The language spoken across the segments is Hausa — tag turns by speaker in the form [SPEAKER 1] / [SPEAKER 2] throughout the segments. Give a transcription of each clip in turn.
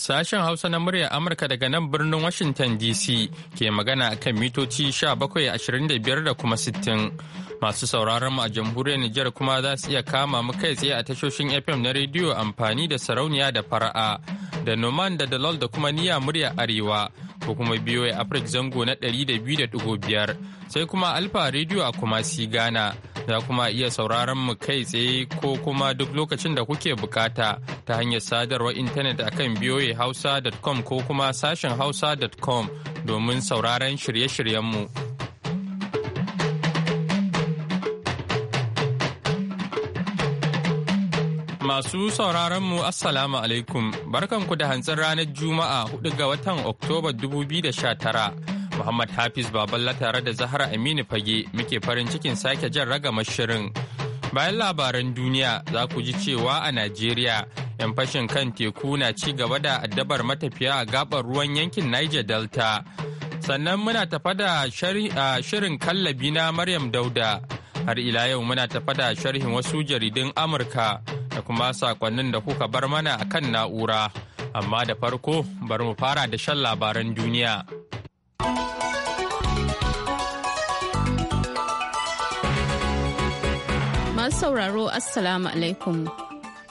[SPEAKER 1] Sashen Hausa na murya Amurka daga nan birnin Washington DC ke magana kan mitoci 1725 da kuma 60. Masu sauraron mu a jamhuriyar Nijar kuma za su iya kama mu kai tsaye a tashoshin FM na rediyo amfani da sarauniya da fara'a da Noman da Dalol da kuma Niyya murya Arewa ko kuma BOA Africa zango na 200.5 sai kuma Alfa Radio a kumasi Ghana. za kuma iya sauraron mu kai tsaye ko kuma duk lokacin da kuke bukata ta hanyar sadarwar intanet akan hausa.com ko kuma sashen hausa.com domin sauraron shirye-shiryenmu. Masu sauraron mu Assalamu alaikum, barkanku da hantsin ranar Juma'a 4 ga watan Oktoba 2019. Muhammad Hafiz Baballa tare da Zahra Aminu Fage muke farin cikin sake jan ragamar shirin. Bayan labaran duniya za ku ji cewa a Najeriya 'yan fashin kan teku na ci gaba da addabar matafiya a gabar ruwan yankin Niger Delta. Sannan muna tafa da shirin kallabi na Maryam Dauda. Har ila yau muna tafa da sharhin wasu jaridun Amurka da kuma sakonnin da kuka bar mana a kan na'ura. Amma da farko bar mu fara da shan labaran duniya.
[SPEAKER 2] Masu sauraro Assalamu alaikum.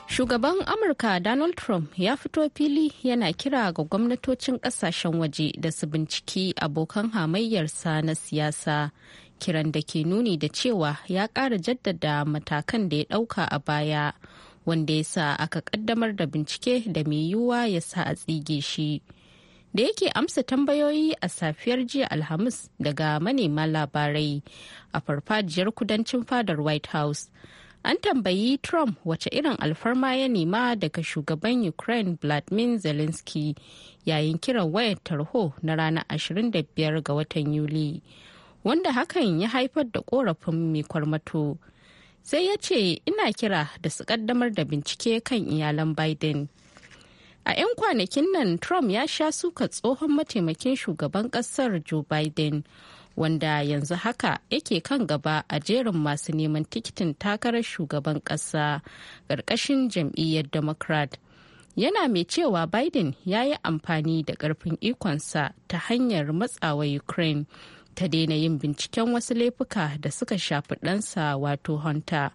[SPEAKER 2] Shugaban Amurka Donald Trump ya fito fili yana kira ga gwamnatocin kasashen waje da su binciki abokan hamayyarsa na siyasa. Kiran da ke nuni da cewa ya ƙara jaddada matakan da ya ɗauka a baya, wanda ya sa aka ƙaddamar da bincike da mai yiwuwa ya sa a tsige shi. da yake amsa tambayoyi a safiyar jiya alhamis daga manema labarai a farfajiyar kudancin fadar white house an tambayi trump wace irin alfarma ya nema daga shugaban ukraine vladimir zelensky yayin kiran wayar tarho na ranar 25 ga watan yuli wanda hakan ya haifar da korafin mai kwarmato sai ya ce ina kira da su kaddamar da bincike kan iyalan biden A 'yan kwanakin nan Trump ya sha suka tsohon mataimakin shugaban kasar Joe Biden. wanda yanzu haka yake kan gaba a jerin masu neman tikitin takarar shugaban kasa ƙarƙashin jam'iyyar democrat yana mai cewa biden ya yi amfani da ƙarfin ikonsa ta hanyar matsawa ukraine ta daina yin binciken wasu laifuka da suka shafi ɗansa wato hunter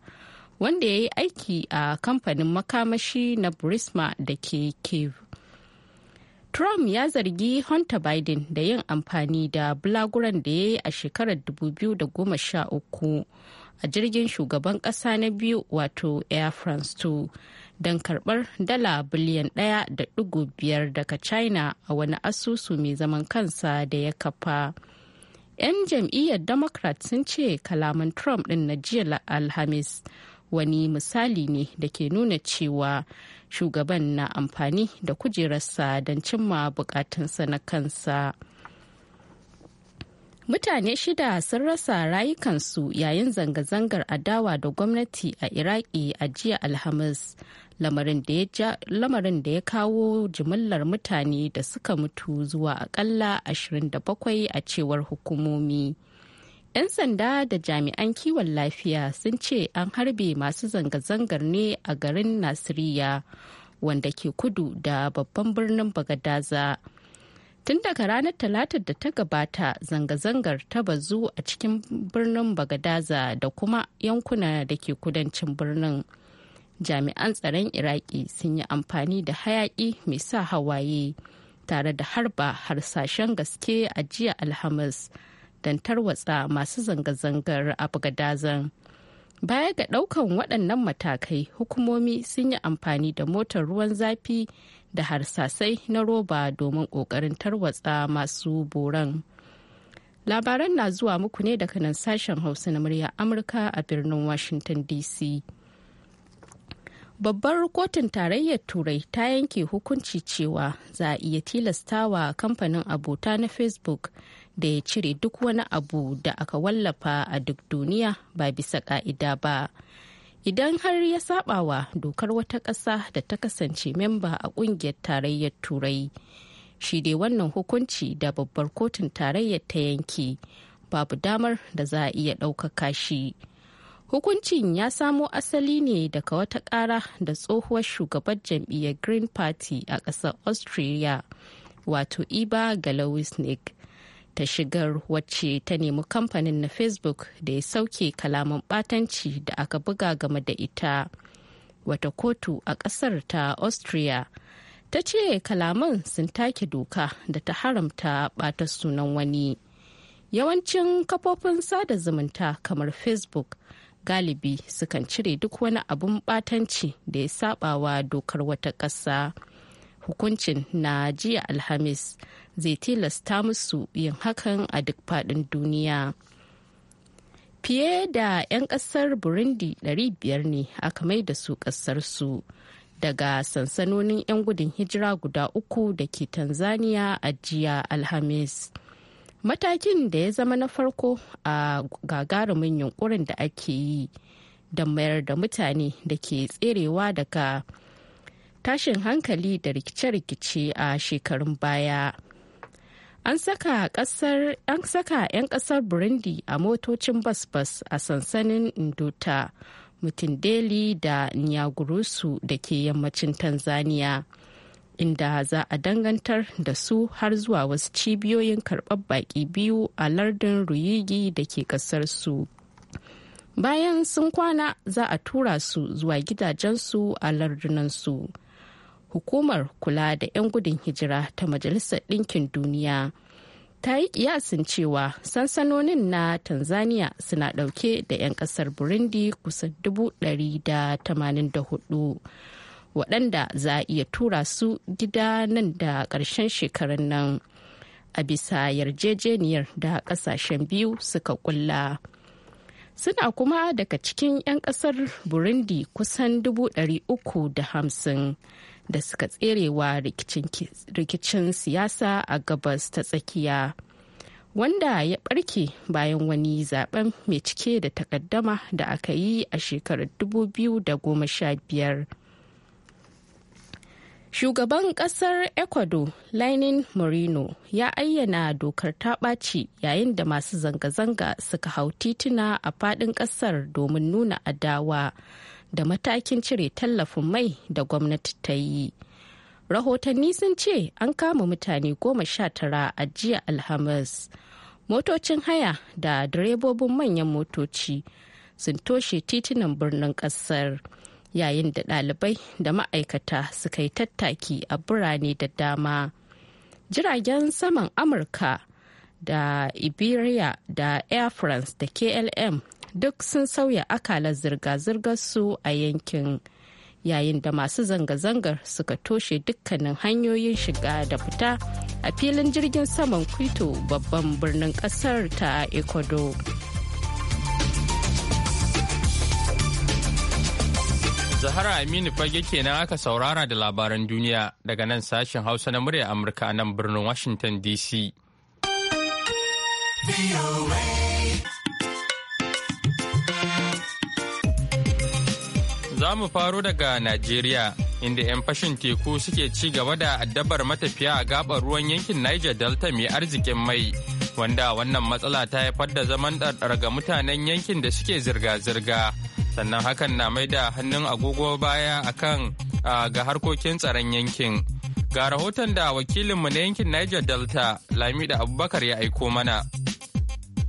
[SPEAKER 2] wanda ya yi aiki a kamfanin makamashi na burisma da ke kev trump ya zargi hunter biden da yin amfani da bulaguran da ya yi a shekarar 2013 a jirgin shugaban kasa na biyu wato air france 2 don karbar dala biliyan ɗaya da dugu biyar daga china a wani asusu mai zaman kansa da ya kafa 'yan jam'iyyar democrat sun ce kalaman trump ɗin na jiya alhamis wani misali ne da ke nuna cewa shugaban na amfani da kujerarsa don cimma bukatunsa na kansa. Mutane shida sun rasa rayukansu yayin zanga-zangar adawa da gwamnati a Iraki a jiya Alhamis, lamarin da ya kawo jimillar mutane da suka mutu zuwa akalla 27 a cewar hukumomi. 'Yan sanda da jami'an kiwon lafiya sun ce an harbe masu zanga-zangar ne a garin Nasiriya wanda ke kudu da babban birnin Bagadaza. Tun daga ranar talata da ta gabata zanga-zangar ta bazu a cikin birnin Bagadaza da kuma yankuna da ke kudancin birnin. Jami'an tsaron Iraki sun yi amfani da hayaƙi mai sa hawaye tare da harba harsashen gaske a jiya Alhamis. don tarwatsa masu zanga-zangar a Baya ga ɗaukan waɗannan matakai, hukumomi sun yi amfani da motar ruwan zafi da harsasai na roba domin ƙoƙarin tarwatsa masu boran. Labaran na zuwa muku ne daga nan sashen Hausa na murya Amurka a birnin Washington DC. babbar kotun tarayyar turai ta yanke hukunci cewa za a iya tilastawa kamfanin abota na facebook da ya cire duk wani abu da aka wallafa a duk duniya ba bisa ka'ida ba idan har ya sabawa dokar wata ƙasa da ta kasance memba a ƙungiyar tarayyar turai shi dai wannan hukunci da babbar kotun tarayyar ta yanke babu damar da za a iya ɗaukaka shi hukuncin ya samo asali ne daga wata ƙara da tsohuwar shugabar jam'iyyar green party a ƙasar australia wato iba galawis nick ta shigar wacce ta nemi kamfanin na facebook da ya sauke kalaman batanci da aka buga game da ita wata kotu a ƙasar ta austria ta ce kalaman sun take doka da ta haramta ɓata sunan wani yawancin kafofin sada zumunta kamar facebook galibi sukan cire duk wani abun batanci da ya sabawa dokar wata ƙasa. hukuncin na jiya alhamis zai tilasta musu yin hakan a duk faɗin duniya fiye da 'yan kasar burundi 500 ne aka mai da su ƙasarsu daga sansanonin 'yan gudun hijira guda uku da ke tanzania a jiya alhamis matakin da ya zama na farko a gagarumin yunkurin da ake yi da mayar da mutane da ke tserewa daga tashin hankali da rikice-rikice a shekarun baya. An saka 'yan kasar Burundi a motocin bas-bas a sansanin mutum deli da Nyagurusu da ke yammacin Tanzania, inda za a dangantar da su har zuwa wasu cibiyoyin karɓar baƙi biyu a lardin Ruyigi da ke ƙasarsu. su. Bayan sun kwana za a tura su zuwa gidajensu a lardunansu. su. hukumar kula da 'yan gudun hijira ta majalisar ɗinkin duniya ta yi kiyasin cewa sansanonin na tanzania suna ɗauke da 'yan ƙasar burundi kusan 184 waɗanda za a iya tura su gida nan da ƙarshen shekarun nan a bisa yarjejeniyar da ƙasashen biyu suka ƙulla. suna kuma daga cikin 'yan ƙasar burundi kusan 350 da suka tserewa rikicin siyasa a gabas ta tsakiya wanda ya barke bayan wani zaben mai cike da takaddama da aka yi a shekarar 2015 shugaban kasar ecuador lainin moreno ya ayyana dokar ta ɓaci yayin da masu zanga-zanga suka hau tituna a faɗin ƙasar domin nuna adawa da matakin cire tallafin mai da gwamnati ta yi. Rahotanni sun ce an kama mutane goma sha tara a jiya Alhamis. Motocin haya da direbobin manyan motoci sun toshe titunan birnin ƙasar yayin da ɗalibai da ma'aikata suka yi tattaki a birane da dama. Jiragen saman Amurka. da Iberia da Air France da KLM duk sun sauya akalar zirga-zirgar su a yankin yayin da masu zanga-zangar suka toshe dukkanin hanyoyin shiga da fita a filin jirgin saman kwito babban birnin kasar ta ecuador
[SPEAKER 1] zahara aminu fage kenan aka saurara da labaran duniya daga nan sashen hausa na murya amurka nan birnin washington dc Za mu faro daga Najeriya, inda 'yan fashin teku suke ci gaba da addabar matafiya a gabar ruwan yankin Niger Delta mai arzikin mai, wanda wannan matsala ta haifar da zaman ɗarɗar ga mutanen yankin da suke zirga-zirga. Sannan hakan na mai da hannun agogo baya akan ga harkokin tsaron yankin. Ga rahoton da wakilinmu na yankin Niger Delta, Lamida Abubakar ya aiko mana.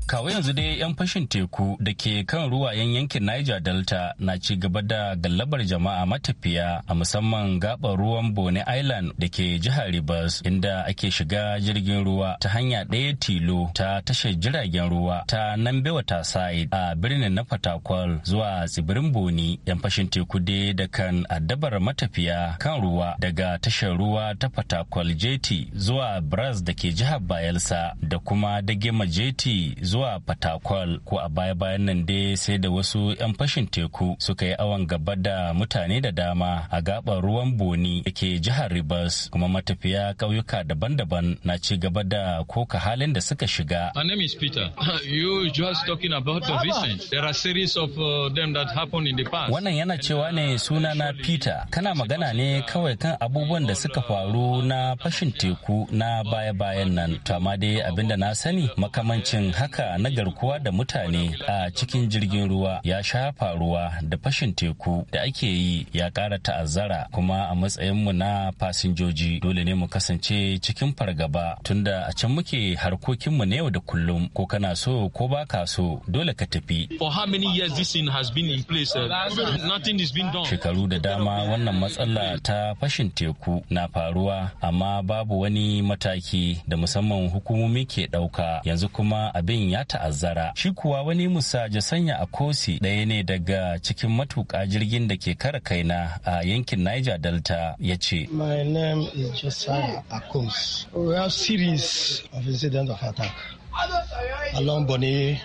[SPEAKER 3] Kawo yanzu dai 'yan fashin teku da ke kan ruwa 'yan yankin Niger Delta na ci gaba da gallabar jama'a matafiya a musamman gabar ruwan Bone Island da ke jihar Rivers inda ake shiga jirgin ruwa ta hanya ɗaya tilo ta tashar jiragen ruwa ta Nambe Waterside a birnin na Fatakwal zuwa tsibirin bone 'yan fashin teku dai da kan addabar matafiya kan ruwa daga tashar ruwa ta Fatakwal Jeti zuwa Bras da ke jihar Bayelsa da kuma Dagema Jeti zuwa patakwal ko a baya-bayan nan dai sai da wasu 'yan fashin teku suka yi awon gaba da mutane da dama a gabar ruwan boni da ke jihar rivers kuma matafiya kauyuka daban-daban na ci gaba da koka halin da suka shiga
[SPEAKER 1] my name is peter you just talking about the vincent there are series of uh, them that happened in the past wannan
[SPEAKER 3] yana cewa ne suna na peter kana magana ne kawai kan abubuwan da suka faru na fashin teku na baya-bayan nan to amma dai abinda na sani makamancin haka ayyuka na garkuwa da mutane a cikin jirgin ruwa ya shafa ruwa da fashin teku da ake yi ya ƙara ta'azzara kuma a matsayinmu na fasinjoji dole ne mu kasance cikin fargaba tunda a can muke harkokinmu na yau da kullum ko kana so ko ba ka so dole ka tafi. For Shekaru da dama wannan matsala ta fashin teku na faruwa amma babu wani mataki da musamman hukumomi ke ɗauka yanzu kuma abin ya ta'azzara shi kuwa wani musa sanya a kosi ɗaya ne daga cikin matuƙa jirgin da ke kara kaina a yankin niger delta ya ce
[SPEAKER 4] my name
[SPEAKER 1] is josiah akums we have series of incidents of attack
[SPEAKER 3] Bonny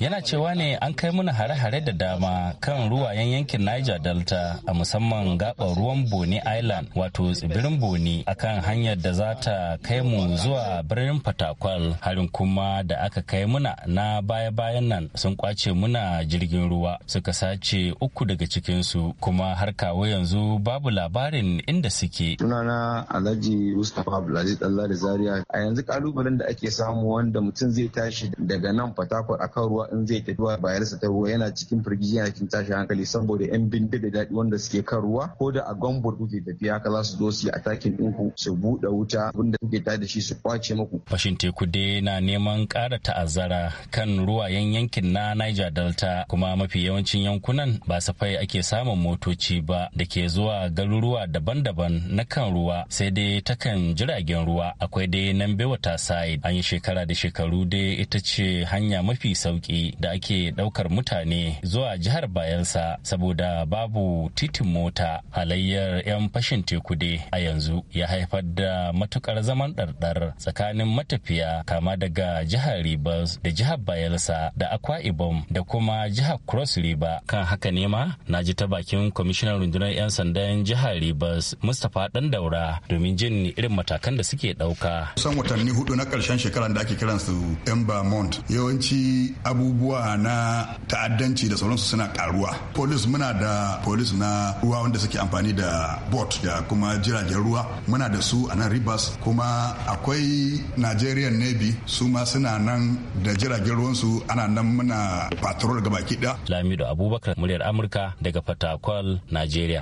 [SPEAKER 3] Yana cewa ne an kai mana hare-hare da dama kan ruwayen yankin Niger Delta a musamman gaɓar ruwan Bonny Island wato tsibirin Bonny akan hanyar da za ta kai mu zuwa birnin Fatakwal harin kuma da aka kai muna na baya-bayan nan sun kwace muna jirgin ruwa suka sace uku daga cikinsu kuma har kawo yanzu babu labarin inda suke. Sunana
[SPEAKER 1] Alhaji Mustapha Abdulaziz Allah da Zaria a yanzu kalubalen da ake samu wanda da mutum zai tashi daga nan fatakwar kan ruwa in zai tafi bayarsa ta ruwa yana cikin firgici yana cikin tashin hankali saboda yan bindiga da daɗi wanda suke kan ruwa ko da a gombor kuke tafiya haka za su zo su yi a takin
[SPEAKER 3] ɗinku su buɗe wuta abinda kuke ta da shi su kwace muku. Fashin teku dai na neman ƙara ta'azzara kan ruwa 'yan yankin na Niger Delta kuma mafi yawancin yankunan ba safai ake samun motoci ba da ke zuwa garuruwa daban-daban na kan ruwa sai dai takan jiragen ruwa akwai dai nan bewa ta an yi shekara da shekara shekaru dai ita ce hanya mafi sauki da ake ɗaukar mutane zuwa jihar bayansa saboda babu titin mota halayyar 'yan fashin teku dai a yanzu ya haifar da matukar zaman ɗarɗar tsakanin matafiya kama daga jihar Rivers da jihar Bayelsa da Akwa Ibom da kuma jihar Cross River kan haka ne ma na ji ta bakin kwamishinan rundunar 'yan sandan jihar Rivers Mustapha daura domin jin irin matakan da suke ɗauka.
[SPEAKER 1] Kusan watanni hudu na ƙarshen shekarar da ake kiran kansu yan
[SPEAKER 3] Vermont yawanci abubuwa na ta'addanci da sauransu suna karuwa. Polis muna da polis na ruwa wanda suke amfani da bot da kuma jiragen ruwa muna da su a nan Rivers kuma akwai Nigerian Navy su ma suna nan da jiragen ruwansu ana nan muna patrol gaba kiɗa. Lamido Abubakar muryar Amurka daga Fatakwal, nigeria.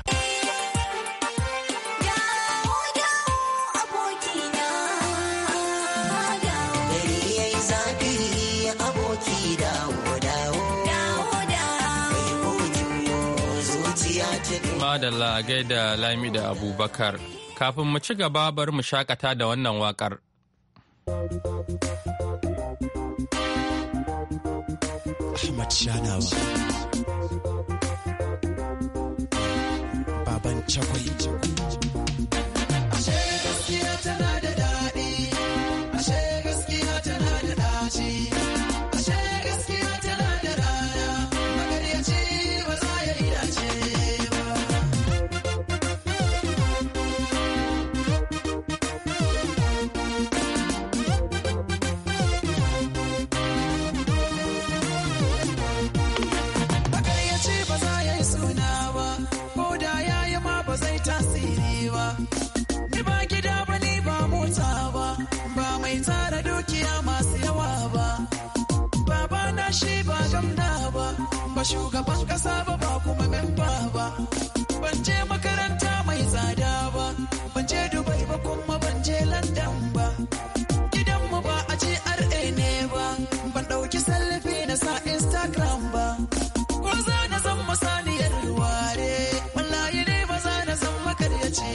[SPEAKER 1] madalla gaida lami da abubakar kafin mu ci gaba bar mu shakata da wannan wakar.
[SPEAKER 5] Chakwai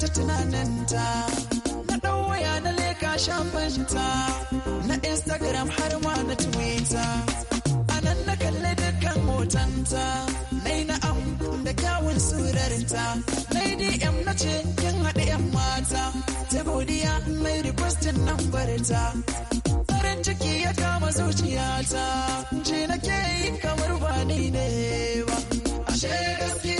[SPEAKER 5] ta tunaninta na ɗan waya na leka shafinta na instagram har ma na twitter a nan na kalli dukkan hotonta na yi na'am da kyawun surarinta na yi dm na ce kin haɗe yan mata ta godiya mai requestin nan barinta farin ciki ya kama zuciyata ce na ke yi kamar ba ni ne ba ashe gaskiya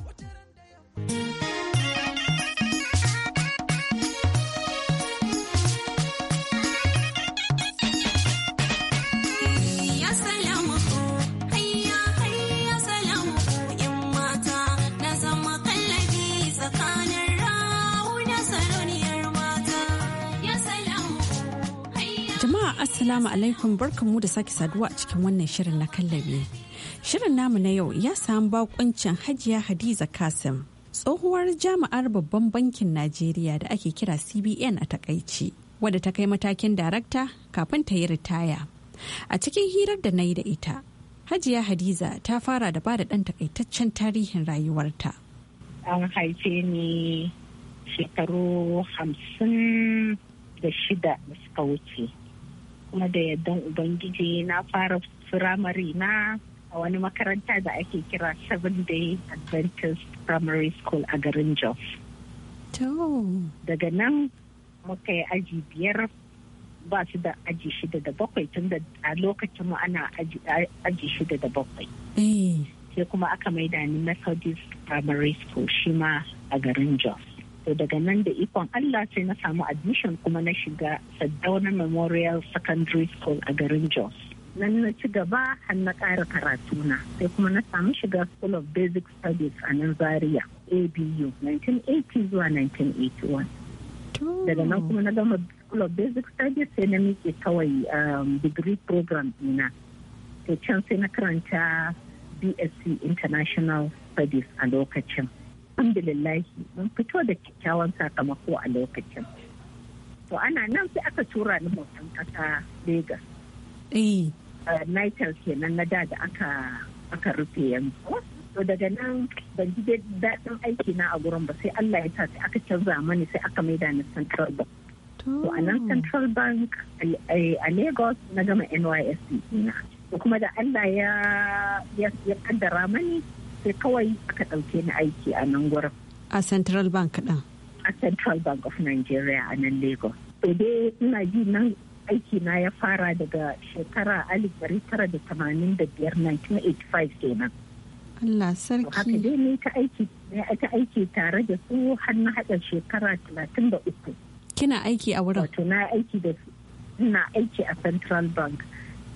[SPEAKER 6] Assalamu alaikum barkanmu da sake saduwa a cikin wannan shirin na kallabe Shirin namu na yau ya samu bakuncin Hajiya Hadiza Kasim, tsohuwar jami'ar babban bankin Najeriya da ake kira CBN a takaici, wadda ta kai matakin darakta kafin ta yi ritaya. A cikin hirar da na yi da ita, Hajiya Hadiza ta fara da ba da ɗan takaitaccen tarihin rayuwarta.
[SPEAKER 7] An haife ni shekaru hamsin da shida da suka wuce. kuma da yardan ubangiji na fara firamare na a wani makaranta da ake kira seven day adventist primary school a garin jos daga nan muka yi aji biyar ba su da aji shida da bakwai tun da a lokacin mu ana aji shida da bakwai eh. sai kuma aka maida ni methodist primary school shima a garin jos to daga nan da ikon Allah sai na samu admission kuma na shiga Saddauna Memorial Secondary School a garin Jos. Nan na ci gaba har na ƙara karatuna sai kuma na samu shiga School of Basic Studies a nan Zaria ABU 1980 zuwa 1981. Daga nan kuma na gama School of Basic Studies sai na miƙe kawai um, degree program ina. sai can sai na karanta BSc International Studies a lokacin. alhamdulillahi mun fito da kyakkyawan sakamako a lokacin to ana nan sai aka tura ni motan kasa Legas. Eh. nitel kenan na da da aka aka rufe yanzu to daga nan ban ji daɗin aiki na a gurin ba sai Allah ya sa sai aka canza mani sai aka maida ni Central Bank to a nan Central Bank a Lagos na gama NYSC ina kuma da Allah ya kaddara mani sai kawai aka ɗauke ni aiki a nan gurin. A Central Bank ɗin? A Central Bank of Nigeria a nan Lagos. To dai ina ji nan aiki na ya fara daga shekara alif bari tara da tamanin da biyar 1985 kenan. Allah sarki. Haka dai ne ta aiki ta aiki tare da su har na haɗa shekara talatin da uku. Kina aiki a wurin? Wato na aiki da na aiki a Central Bank.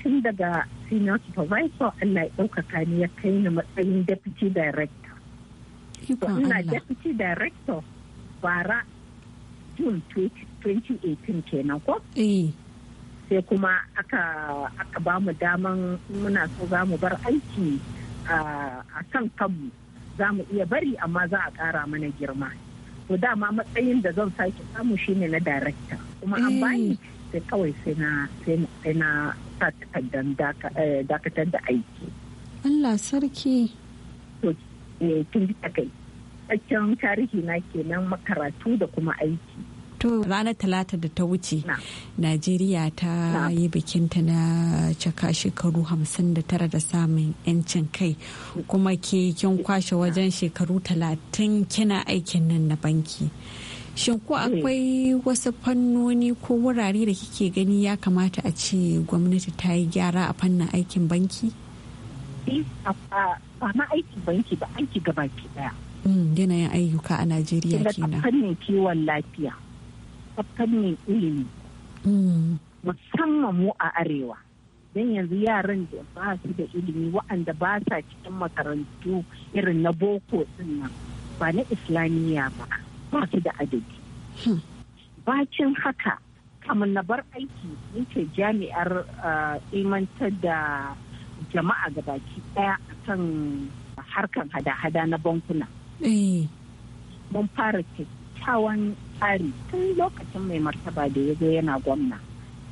[SPEAKER 7] tun daga senior supervisor Allah ya ɗaukaka ni ya kai ni matsayin deputy director. ina deputy director bara June 2018 kenan ko? Eh. Sai kuma aka ba mu daman muna so za mu bar aiki a kan kanmu za mu iya bari amma za a ƙara mana girma. To dama matsayin da zan sake samu shine na director kuma an eh. bani sai kawai sai na sa takardar eh, dakatar da aiki. Allah sarki. To, eh, ji takai. tarihi na kenan makaratu da kuma aiki.
[SPEAKER 6] To, ranar talata da ta wuce, Najeriya ta yi bikinta na caka shekaru hamsin da tara da samun 'yancin kai, kuma ke kin kwashe wajen shekaru talatin kina aikin nan na banki. shin ko hmm. akwai wasu fannoni ko wurare da kike gani ya kamata a ce gwamnati ta yi gyara a fannin aikin banki
[SPEAKER 7] eh, ba ma aikin banki ba aiki gaba ki daya
[SPEAKER 6] hmm, yanayin ayyuka a najeriya kenan
[SPEAKER 7] fannin kiwon lafiya fannin ilimi hmm. musamman mu a arewa don yanzu yaran da ba su da ilimi waɗanda ba sa cikin makarantu irin na boko din nan ba na islamiyya ba ba su da adadi hmm. bacin haka kamar na bar aiki nake jami'ar eh, imantar da jama'a ga baki daya kan harkar hada-hada na bankuna eh. mun fara kyakkyawan tsari tun lokacin mai martaba da ya zo yana gwamna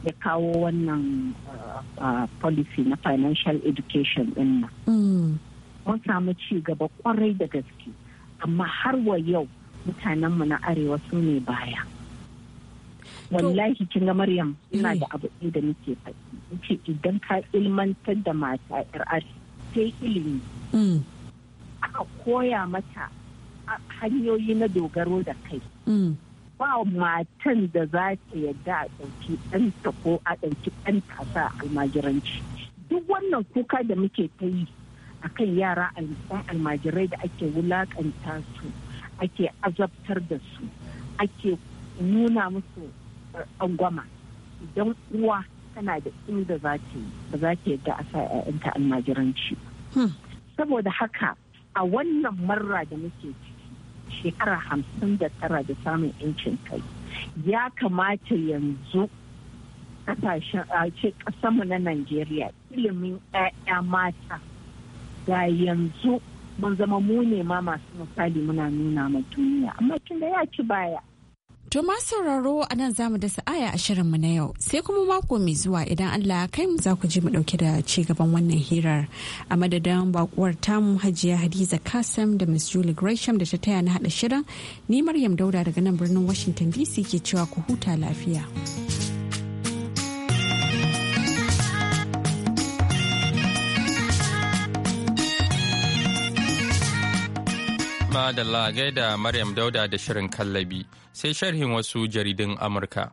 [SPEAKER 7] ya kawo wannan eh, policy na financial education din nan hmm. mun samu ci gaba kwarai da gaske amma har wa yau mutanenmu na arewa su ne baya wallahi kin ga maryam mm. ina da abu da muke faɗi idan ka ilmantar da mata yar sai ilimi mm. aka koya mata hanyoyi na dogaro da kai mm. ba matan da za ta yadda a ɗauki ɗanta ko a ɗauki ɗanta sa almajiranci duk wannan kuka da muke ta yi kan yara almajirai da ake wulaƙanta su ake azabtar da su ake nuna musu eh, angwama idan uwa tana da inda za ta yi ba za ta yadda a sa 'ya'yanta almajiranci hmm. saboda haka a wannan marra da muke ciki shekara hamsin da tara da samun 'yancin kai ya kamata yanzu kasashen a ce kasanmu na Najeriya ilimin 'ya'ya mata ga yanzu mun zama mu ne ma masu misali muna nuna ma duniya amma tun da ya
[SPEAKER 6] ci baya To ma sauraro a nan za mu da sa'aya a shirin mu na yau sai kuma mako mai zuwa idan Allah ya kai mu za ku ji mu dauke da ci gaban wannan hirar a madadin bakuwar tamu Hajiya Hadiza Kasim da Miss Julie Gresham da ta taya na hada shirin ni Maryam Dauda daga nan birnin Washington DC ke cewa ku huta lafiya.
[SPEAKER 1] Madalla gaida Maryam Dauda da Shirin Kallabi sai sharhin wasu jaridun Amurka.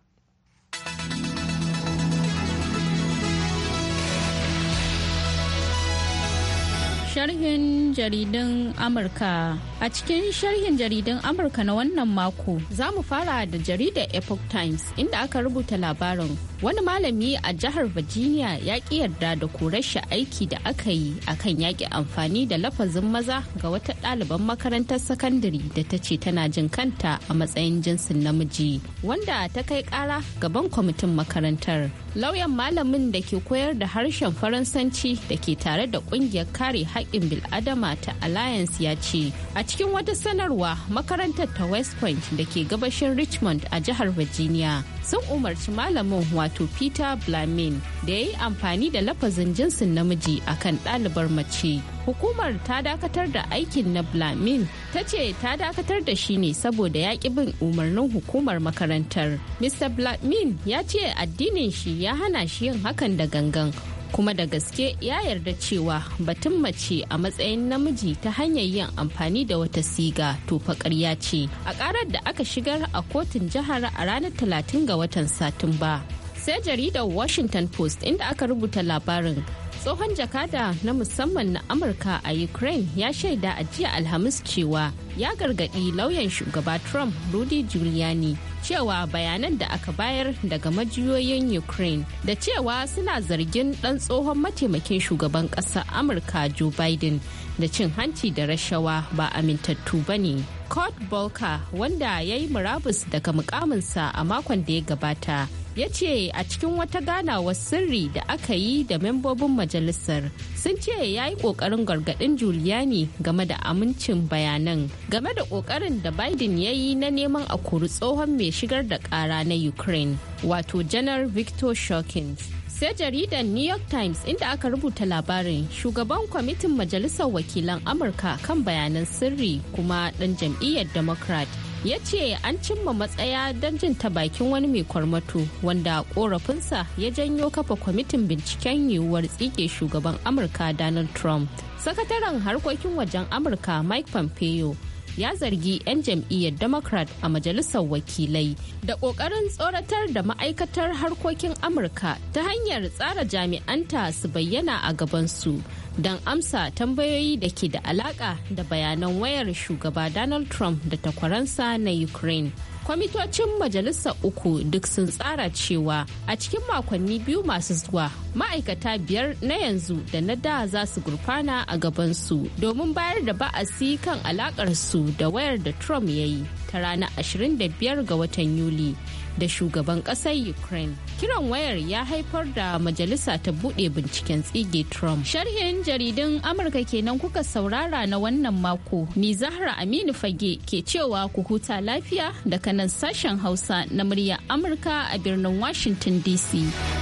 [SPEAKER 2] Sharhin jaridun Amurka A cikin sharhin jaridan Amurka na wannan mako za mu fara da jaridar Epoch Times inda aka rubuta labarin wani malami a jihar Virginia ya ki yarda da korar rashin aiki da aka yi akan yaƙi amfani da lafazin maza ga wata ɗaliban makarantar sakandare da ta ce tana jin kanta a matsayin jinsin namiji wanda ta kai ƙara gaban kwamitin makarantar. Lauyan malamin da ke koyar da harshen Faransanci da ke tare da ƙungiyar kare haƙƙin bil'adama ta Alliance ya ce cikin wata sanarwa makarantar ta west point da ke gabashin richmond a jihar virginia sun umarci malamin wato peter blamin da ya yi amfani da lafazin jinsin namiji akan ɗalibar mace hukumar ta dakatar da aikin na blamin ta ce ta dakatar da shi ne saboda ya bin umarnin hukumar makarantar mr blamin ya ce addinin shi ya hana shi yin hakan da gangan kuma da gaske ya yarda cewa batun mace a matsayin namiji ta hanyar yin amfani da wata siga to ƙarya ce a ƙarar da aka shigar a kotun jihar a ranar talatin ga watan satumba sai jaridar washington post inda aka rubuta labarin tsohon jakada na musamman na amurka a ukraine ya shaida a jiya alhamis cewa ya gargadi lauyan shugaba trump rudy giuliani cewa bayanan da aka bayar daga majiyoyin ukraine da cewa suna zargin dan tsohon mataimakin shugaban ƙasa amurka joe biden da cin hanci da rashawa ba amintattu ba ne Kurt Bolka wanda ya yi murabus daga mukaminsa a makon da ya gabata ya ce a cikin wata ganawar sirri da aka yi da membobin majalisar sun ce ya yi kokarin gargadin Juliani game da amincin bayanan game da kokarin da Biden ya yi na neman a kuri tsohon mai shigar da kara na Ukraine wato janar Victor Shokins. sai jaridar new york times inda aka rubuta labarin shugaban kwamitin majalisar wakilan amurka kan bayanan sirri kuma dan jam'iyyar democrat ya ce an cimma matsaya don jin ta bakin wani mai kwarmato wanda korafinsa ya janyo kafa kwamitin binciken yiwuwar tsike shugaban amurka donald trump sakataren harkokin wajen amurka mike pompeo ya zargi 'yan jam'iyyar democrat a majalisar wakilai da ƙoƙarin tsoratar da ma'aikatar harkokin amurka ta hanyar tsara jami'anta su bayyana a gabansu don amsa tambayoyi da ke da alaƙa da bayanan wayar shugaba donald trump da takwaransa na ukraine kwamitocin majalisa uku duk sun tsara cewa a cikin makonni biyu masu zuwa ma'aikata biyar na yanzu da na da za su gurfana a gabansu domin bayar da ba'asi kan alakarsu da wayar da trump ya yi ta ranar 25 ga watan Yuli da shugaban ƙasar Ukraine. Kiran wayar ya haifar da majalisa ta buɗe binciken tsige Trump. Sharhin jaridun Amurka kenan kuka saurara na wannan mako. Ni Zahra Aminu Fage ke cewa ku huta lafiya da kanan sashen Hausa na murya Amurka a birnin Washington DC.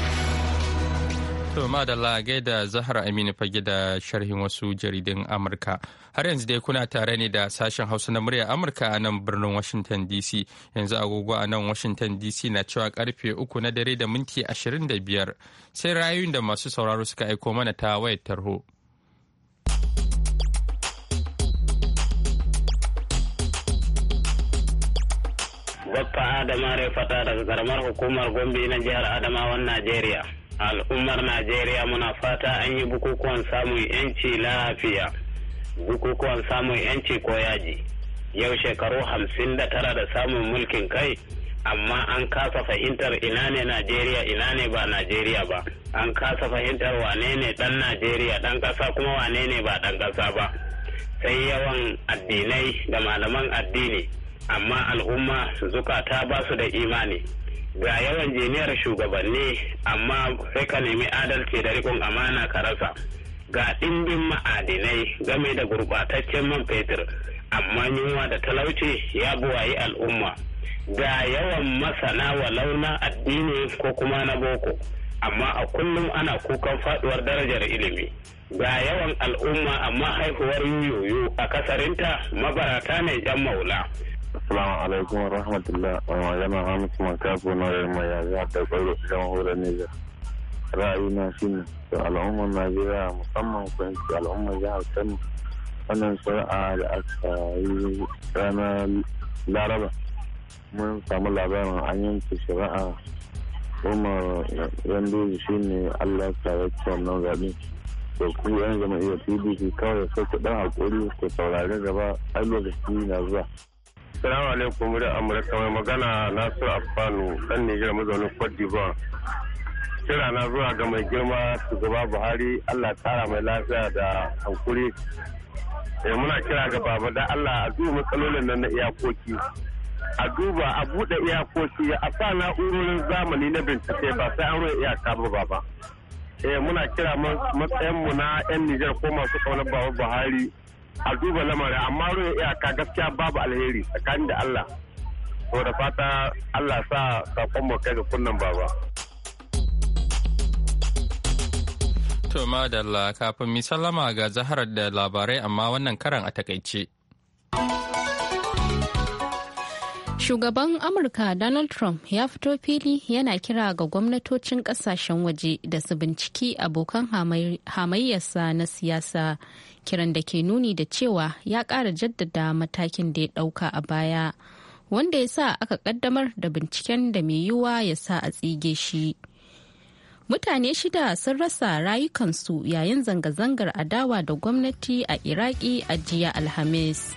[SPEAKER 1] To madalla gaida Zahra Aminu fage da sharhin wasu jaridun Amurka. Har yanzu dai kuna tare ne da sashen Hausa na murya Amurka a nan birnin Washington DC. Yanzu agogo a nan Washington DC na cewa karfe uku na dare da minti ashirin da biyar. Sai rayuyin da masu sauraro suka aiko mana ta wayar tarho.
[SPEAKER 4] Bappa Adama Fata daga karamar hukumar Gombe na jihar Adamawan Najeriya. al'ummar najeriya muna fata an yi bukukuwan samun yanci lafiya bukukuwan samun yanci ko yaji yau shekaru hamsin da tara da samun mulkin kai amma an kasa fahimtar ina ne najeriya ina ne ba najeriya ba an kasa fahimtar wane ne dan najeriya dan kasa kuma wane ne ba dan kasa ba sai yawan addinai da malaman addini amma al'umma zukata ba su da imani ga yawan jiniyar shugabanni amma sai ka nemi adalci da rikon amana ka rasa ga ɗimbin ma'adinai game da gurɓataccen man fetur amma yunwa da talauci ya buwayi al'umma ga yawan masana wa launa addini ko kuma na boko amma a kullum ana kukan faɗuwar darajar ilimi ga yawan al'umma amma haihuwar yoyo a kasarinta mabarata ne jan maula Assalamu alaikum wa rahmatullah wa magana Hamisu Makafu na Yarma ya za ta tsaro jamhuriyar Nijar. Ra'ayina shi ne da al'ummar Najeriya musamman kwanci al'ummar jihar Kano wannan shari'a da aka yi ranar Laraba. Mun samu labarin an yanke shari'a Umar Yandoji shi ne Allah ta yi wannan zaɓe. da ku yan jam'iyyar pdp kawai sai ku ɗan haƙuri ku saurari gaba ai lokaci na zuwa Salamu alaikum da Amurka mai magana Nasiru Afanu dan nigeria mazaunin Cote d'Ivoire. Kira na zuwa ga mai girma shugaba Buhari Allah tara mai lafiya da hankuri. Eh muna kira ga baba da Allah a duba matsalolin nan na iyakoki. A duba a buɗe iyakoki a sa na'urorin zamani na bincike ba sai an roya iyaka ba baba. Eh muna kira matsayinmu na 'yan Nijar ko masu ƙaunar baba Buhari a duba lamarin amma ruwan iyaka gaskiya babu alheri tsakanin da Allah to da fata Allah sa sakon mu kai ga kunnan baba
[SPEAKER 1] to madalla kafin mi sallama ga zaharar da labarai amma wannan karan a takaice
[SPEAKER 2] Shugaban Amurka Donald Trump ya fito fili yana kira ga gwamnatocin kasashen waje da su binciki abokan hamayyarsa na siyasa kiran da ke nuni da cewa ya ƙara jaddada matakin da ya ɗauka a baya wanda ya sa aka ƙaddamar da binciken da mai yiwuwa ya sa a tsige shi. Mutane shida sun rasa rayukansu yayin zanga-zangar adawa da gwamnati a Iraki a jiya Alhamis.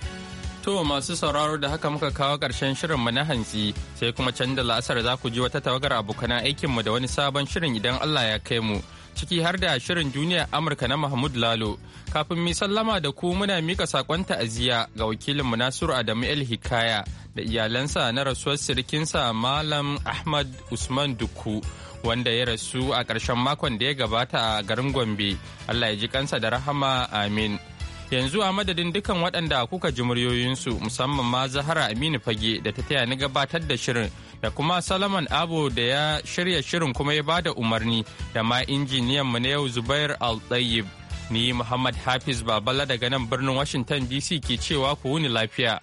[SPEAKER 1] To masu sauraro da haka muka kawo ƙarshen shirinmu na hantsi sai kuma canza la'asar za ku ji wata tawagar abokanan mu da wani sabon shirin idan Allah ya kai mu. Ciki har da shirin duniya Amurka na Mahmud Lalo. Kafin mi sallama da ku muna mika saƙon ta'aziyya ga wakilinmu Nasiru Adamu El Hikaya da iyalansa na rasuwar sirikinsa Malam Ahmad Usman Dukku. wanda ya rasu a ƙarshen makon da ya gabata a garin Gombe. Allah ya ji kansa da rahama amin. Yanzu a madadin dukan waɗanda kuka ji muryoyinsu musamman ma Zahara Aminu Fage da ta taya ni gabatar da shirin da kuma Salaman abu da ya shirya shirin kuma ya bada umarni da ma injiniyan mu na yau Zubair al Ni Muhammad Hafiz Babala daga nan birnin Washington DC ke cewa ku wuni lafiya.